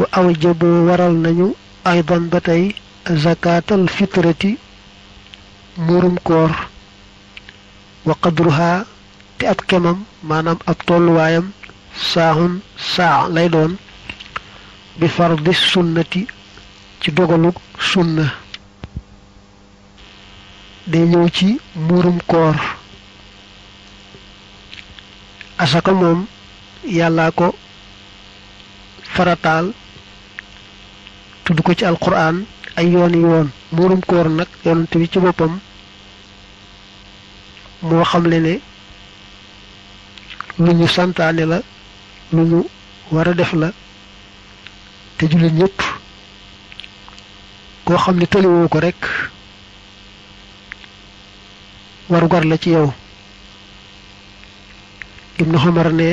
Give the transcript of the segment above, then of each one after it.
wa awjabu waral nañu aydan ba tey zakaatal fitrati muurum koor wa qadruha te ab kemam maanaam ab tolluwaayam saaxun saax lay doon bi fardi sunnati ci dogaluk sunna day ñëw ci muurum koor asaka moom yàllaa ko farataal tudd ko ci alquran ay yooni yoon muurum koor nag yonent bi ci boppam moo xamle ne lu ñu santaane la lu ñu war a def la te jullit ñépp koo xam ne tëliwoo ko rekk waru gar la ci yow ibnu xamar ne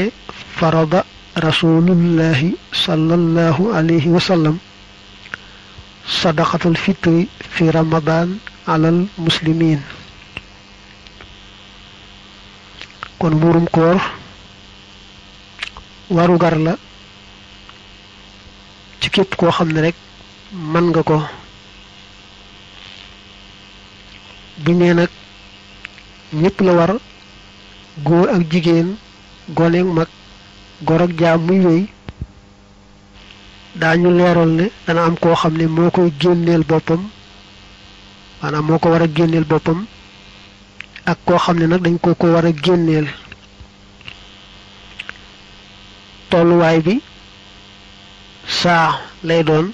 farada rasulullahi sallallahu alayhi wa sallam sadaqatul fitri fi ramadan alal muslimin kon muurum koor warugar la ci képp koo xam ne rekk mën nga ko buñ nee nag ñépp la war góor ak jigéen gone ak mag gor ak jaam muy wéy daañu leeral ne dana am koo xam ne moo koy génneel boppam maanaam moo ko war a génneel boppam ak koo xam ne nag dañ ko ko war a génneel tolluwaay bi saax lay doon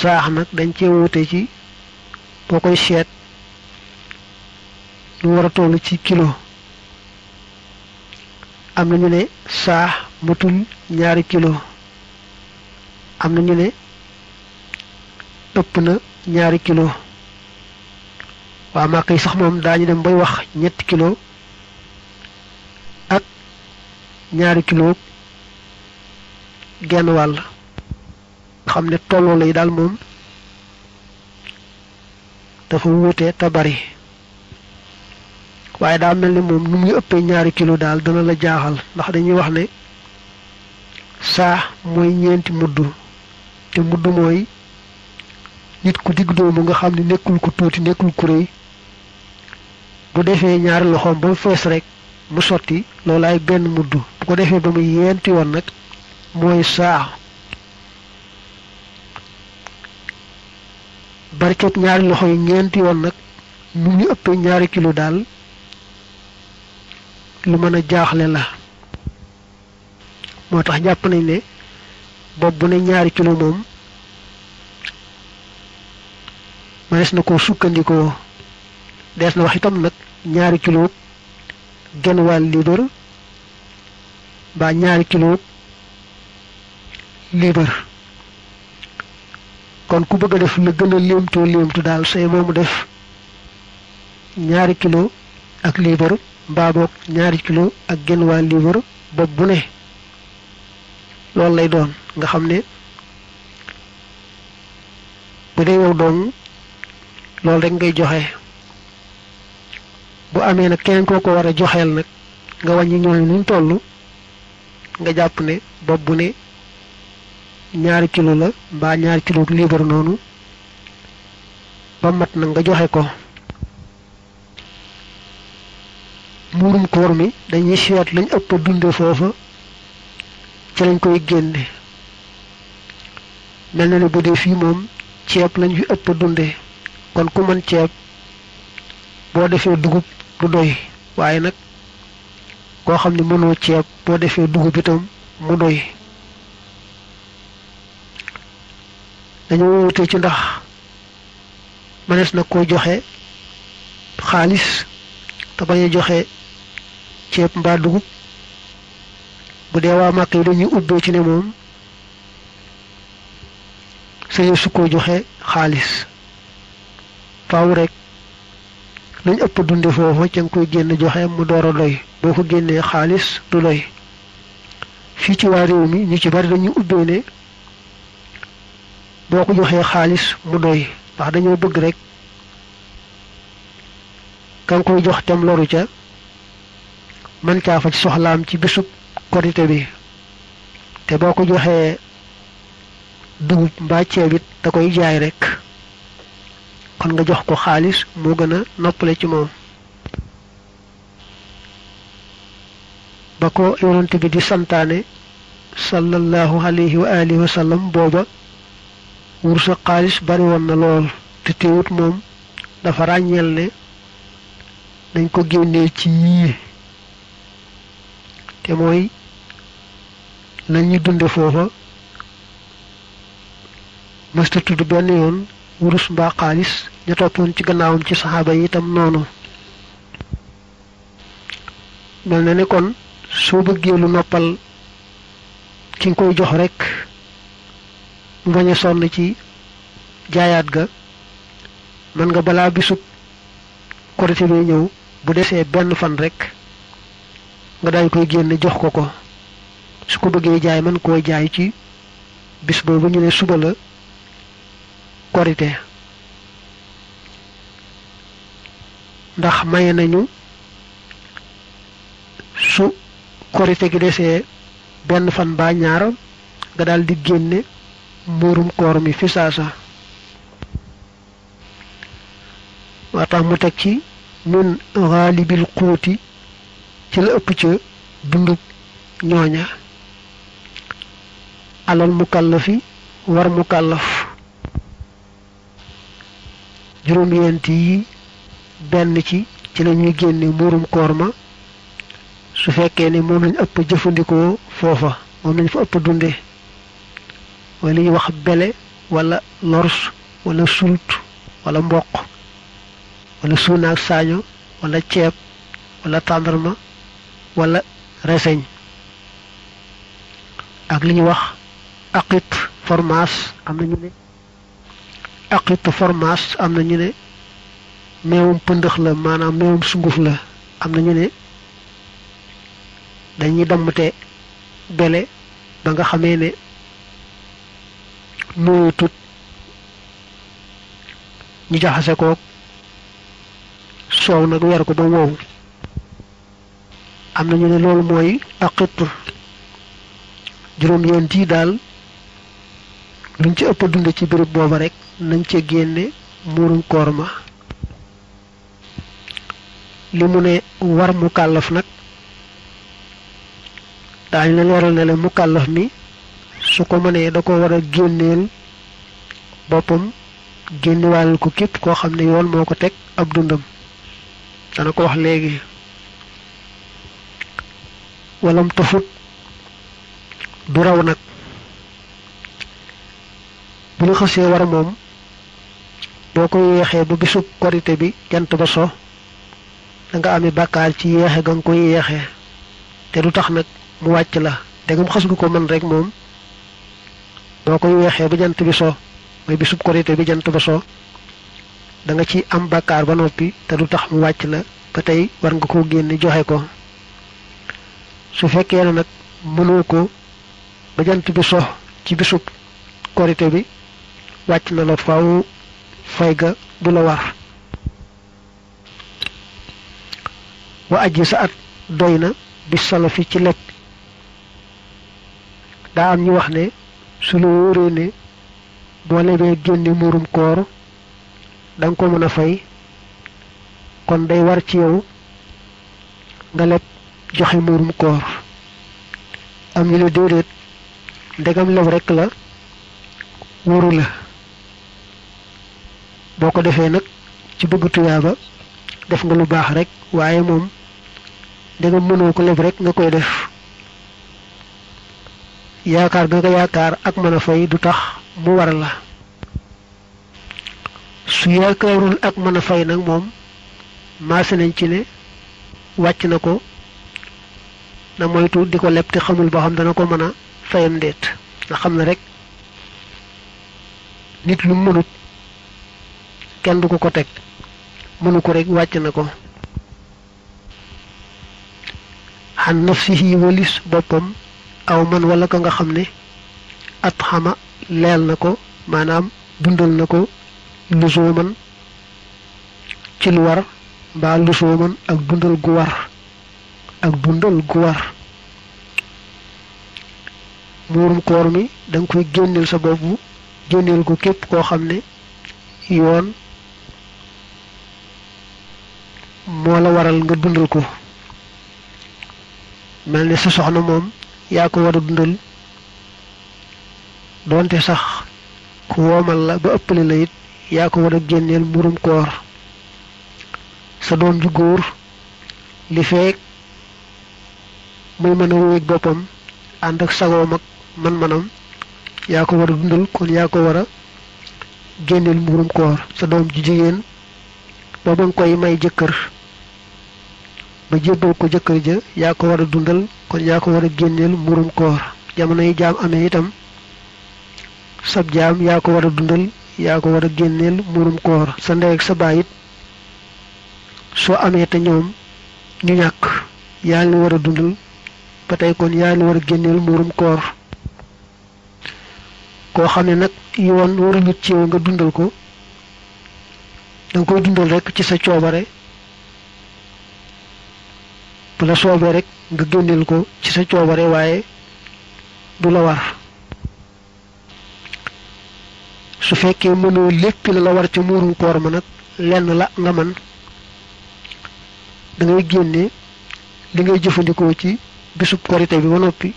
saax nag dañ cee wuute ci boo koy seet lu war a ci kilo am na ñu ne saax matul ñaari kilo am na ñu ne ëpp na ñaari kilo waa màkk yi sax moom daañu dem bay wax ñetti kilo ak ñaari kilo genn wàll xam ne tolloo lay daal moom dafa wuute te bari waaye daa mel ni moom nu muy ëppee ñaari kilo daal dana la jaaxal ndax dañuy wax ne saa mooy ñeenti mudd te mudd mooy nit ku digg doomu nga xam ne nekkul ko tuuti nekkul ku rëy bu defee ñaari loxoom ba mu fees rek mu sotti loolaay benn mudd bu ko defee ba mu yeenti woon nag mooy saa barket ñaari loxo yi ñeenti yoon nag mu ngi ëppee ñaari kilo daal lu mën a jaaxle la moo tax jàpp nañ ne bopp bu ñaari kilo moom mënees na ko sukkandikoo dees na wax itam nag ñaari kilo genn wàll liibar mbaa ñaari kilo liibar kon ku bëgg a def la gën a léemtoo léemtu daal say moomu def ñaari kilo ak liibar mbaa boog ñaari kilo ak genn wàll liibar bopp bu ne loolu lay doon nga xam ne bu dee wow doomu loolu rek ngay joxe bu amee nag keneen koo ko war a joxeel nag nga wàññi ñooñu nu ñu toll nga jàpp ne bopp bu ne ñaari kilo la mbaa ñaari kilo liibar noonu ba mat nag nga joxe ko muurum koor mi dañuy seet lañ ëpp dunde foofa ca koy génne mel na ne bu dee fii moom ceeb lañ fi ëpp dunde kon ku mën ceeb boo defee dugub du doy waaye nag koo xam ne mënoo ceeb boo defee dugub itam mu doy dañoo wutee ci ndax mënees na koo joxe xaalis te bañ joxe ceeb mbaa dugub bu dee waa màkk yi dañuy ubbee ci ne moom sañu su ko joxe xaalis faaw rekk lañ ëpp dunde foofa ca génn joxe mu doora doy boo ko génnee xaalis du doy fii ci waa réew mi ñu ci bari dañuy ubbee ne boo ko joxee xaalis mu doy ndax dañoo bëgg rek ka jox tem loru ca mën caa faj soxlaam ci bésub korite bi te boo ko joxee dugub mbaa it da koy jaay rekk kon nga jox ko xaalis moo gën a noppale ci moom ba ko yonent bi di santaane sallallahu alayhi wa sallam booba wursa xaalis bari woon na lool te teewut moom dafa ràññeel ne dañ ko génnee ci yii te mooy nañ ñu dunde foofa mësta tudd benn yoon wurus mbaa xaalis ña toppoon ci gannaawam ci saxaaba yi itam noonu mel na nekkoon kon soo bëggee lu noppal ki nga koy jox rekk mu bañ sonn ci jaayaat ga mën nga balaa bisub korite bi ñëw bu desee benn fan rekk nga daal koy génne jox ko ko su ko bëggee jaay mën koo jaay ci bis boobu ñu ne suba la korite ndax maye nañu su korite gi desee benn fan baa ñaar nga daal di génne muurum koor mi fi saasa mu teg ci min xaalibil xuuti ci la ëpp ca dundub ñooña alal mukallafi war mukallaf juróom-ñeent yi benn ci ci la ñuy génne muurum koor ma su fekkee ne moom lañ ëpp jëfandikoo foofa moom lañ fa ëpp dunde wala li ñuy wax bele walla lors walla sulut walla mboq wala suunaak saaño walla ceeb walla tàndarma wala reseñ ak li ñuy wax aqit formaas am na ñu ne aqitu am na ñu ne meewum pëndëx la maanaam meewum sunguf la am na ñu ne dañuy dammte bele ba nga xamee ne mooyutut ñu jaxase koog soow nag weer ko ba woow am na ñu ne loolu mooy aqitu juróom-ñeent yi daal luñ ci ëpp dund ci béréb booba rek nañ ca génne muurum koor ma li mu ne war mu kàllaf nag daañu la leeral ne la mu kàllaf mi su ko mënee da ko war a génneel boppam génniwaalal ko képp koo xam ne yoon moo ko teg ab dundam dana ko wax léegi walam tafut du raw nag bu la xasee war moom boo ko yeexee ba bisub korite bi jant ba so da nga amee bàkkaar ci yeexe ga nga koy yeexee te du tax nag mu wàcc la dégam xas gu ko mën rek moom boo ko yeexee ba jant bi so mooy bisub korite bi jant ba so da ci am bàkkaar ba noppi te du tax mu wàcc la ba tey war nga koo génne joxe ko su fekkee ne nag mënoo ko ba jant bi so ci bisub korite bi wàcc na la faw fay ga du la war wa aji sa at doy na bi salafi ci lekk daa am ñu wax ne su la wóoree ne boo lebee génne murum koor da ko mën a fay kon day war ci yow nga leb joxe murum koor am ñu la déedéet ndegam leb rekk la wóoru la boo ko defee nag ci bëgg tuyaaba def nga lu baax rek waaye moom danga mënoo ko leb rek nga koy def yaakaar nga ko yaakaar ak mën a fay du tax mu war la su yaakaarul ak mën a fay nag moom maase nañ ci ne wàcc na ko na moytu di ko leb te xamul boo xam dana ko mën a fayam ndéet nga xam ne rek nit lu mënut kenn du ko ko teg mënu ko rekk wàcc na ko xan nafsihi walis aw man wala ko nga xam ne at xama leel na ko maanaam dundal na ko lusuuman ci lu war mbaa lusuuman ak dundal gu ak dundal gu war muurum koor mi danga koy génneel sa bopp génneel ko képp koo xam ne yoon moo la waral nga dundal ko mel ni sa soxna moom yaa ko war a dundal donte sax ku woomal la ba ëppale la it yaa ko war a génneel mburum koor sa doom ju góor li feek muy mën a wéeg boppam ànd ak sagoom ak man-manam yaa ko war a dundal kon yaa ko war a génneel mburum koor sa doom ju jigéen ba ba nga koy may jëkkër ba jébbal ko jëkkër ja yaa ko war a dundal kon yaa ko war a génneel murum koor jamono yi jaam amee itam sab jaam yaa ko war a dundal yaa ko war a génneel murum koor sa ndey ak sa baay it soo amee te ñoom ñu ñàkk yaa ngi war a dundal ba tey kon yaa ngi war a génneel mburum koor koo xam ne nag yoon waruñu ci nga dundal ko danga koy dundal rekk ci sa coobare bu la rek nga ko ci sa coobare waaye du la su fekkee mënoo lépp la la war ci muurum koor ma nag lenn la nga man da ngay génne li ngay jëfandikoo ci bisub korite bi ba noppi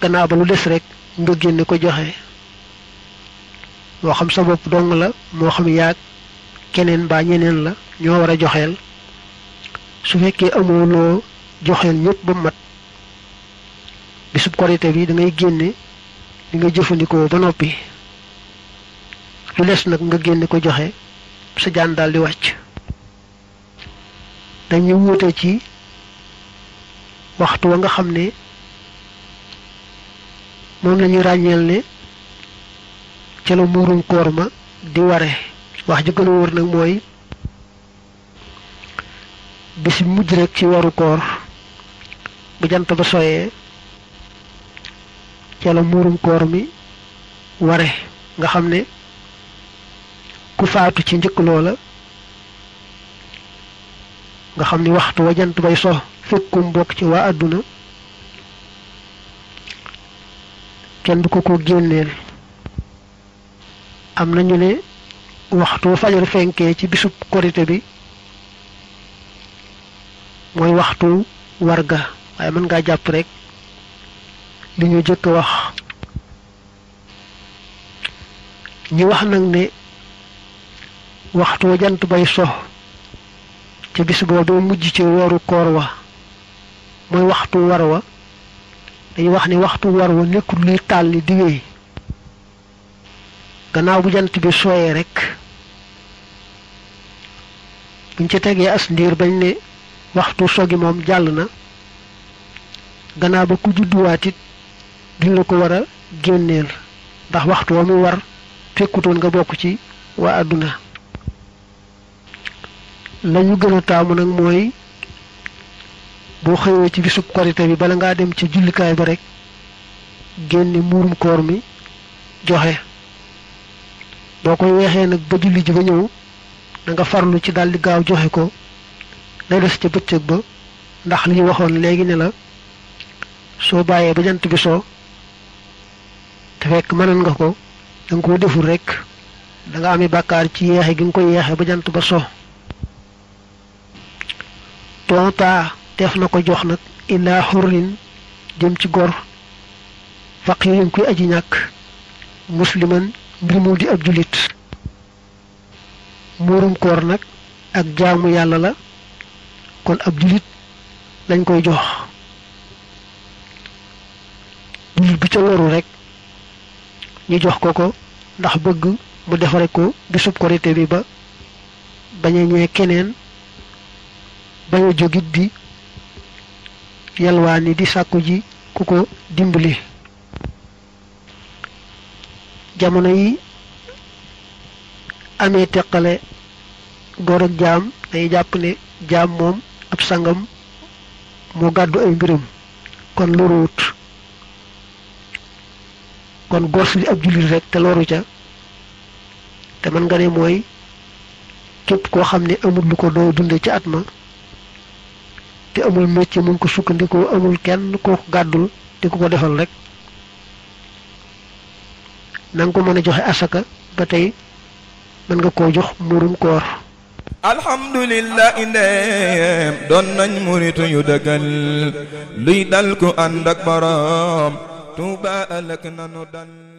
gannaaw ba lu des rek nga génne ko joxe moo xam sa bopp dong la moo xam yaag keneen mbaa ñeneen la ñoo war a joxeel su fekkee amoo loo joxeel ñëpp ba mat bisub korite bi dangay génne li nga jëfandikoo ba noppi lu les nag nga génne ko joxe sa jaan daal di wàcc dañuy wuute ci waxtu wa nga xam ne moom la ñuy ràññeel ne ca la muurum koor ma di ware wax ji gën a nag mooy bis bi mujj rek ci waru koor bu jant ba soyee ca la muurum koor mi ware nga xam ne ku faatu ci njëkk loola nga xam ni waxtu wa jant bay so fekkum bokk ci waa àdduna kenn du ko ko génneel am nañu ne waxtu wa fajar fenkee ci bisub korite bi mooy waxtu warga waaye mën ngaa jàpp rek li ñu jëkk wax ñi wax nag ne waxtu wa jant bay so ca bis boobu mujj ci weeru koor wa mooy waxtu war wa dañu wax ni waxtu war wa nekkul luy tàlli di wéy gannaaw bu jant bi sooyee rekk buñ ci tegee as ndiir bañ ne waxtu sogi moom jàll na gannaaw ba ku judduwaat it la ko war a génneel ndax waxtu wa mu war fekkutoon nga bokk ci waa àdduna la ñu gën a taamu nag mooy boo xëyee ci bisu korite bi bala ngaa dem ci jullikaay ba rek génne muurum koor mi joxe boo ko weexee nag ba julli ji ba ñëw danga nga farlu ci daldi gaaw joxe ko day des ca bëccëg ba ndax li ñu waxoon léegi ne la soo bàyyee bajant jant bi soo te fekk mënoon nga ko da nga deful rekk danga nga ami bàkkaar ci yeexe gi nga ko yeexee ba jant ba so tontaa def na ko jox nag illaa xurrin jëm ci gor yi faqiirin kuy aji ñàkk musliman mbir mu di ab jullit muurum koor nag ak jaamu yàlla la kon ab jullit lañ koy jox jullit bi ca loru rek ñu jox ko ko ndax bëgg mu defare ko bisub korité bi ba bañ a ñee keneen bañ a jógit di yalwaani di sàkku ji ku ko dimbali jamono yi amee teqale góor ak jaam day jàpp ne jaam moom ab sangam moo gàddu ay mbiram kon loruwut kon gor su ab jullit rek te loru ca te mën nga ne mooy képp koo xam ne amul lu ko doo dunde ci at ma te amul métier mu ko sukkandikoo amul kenn koo gàddul di ko ko defal rek na ko mën a joxe asaka ba tey mën nga koo jox murum koor alhamdulillah indeem doon nañ muritu yu luy dal ku ànd Tuuba ëllëg nanu dal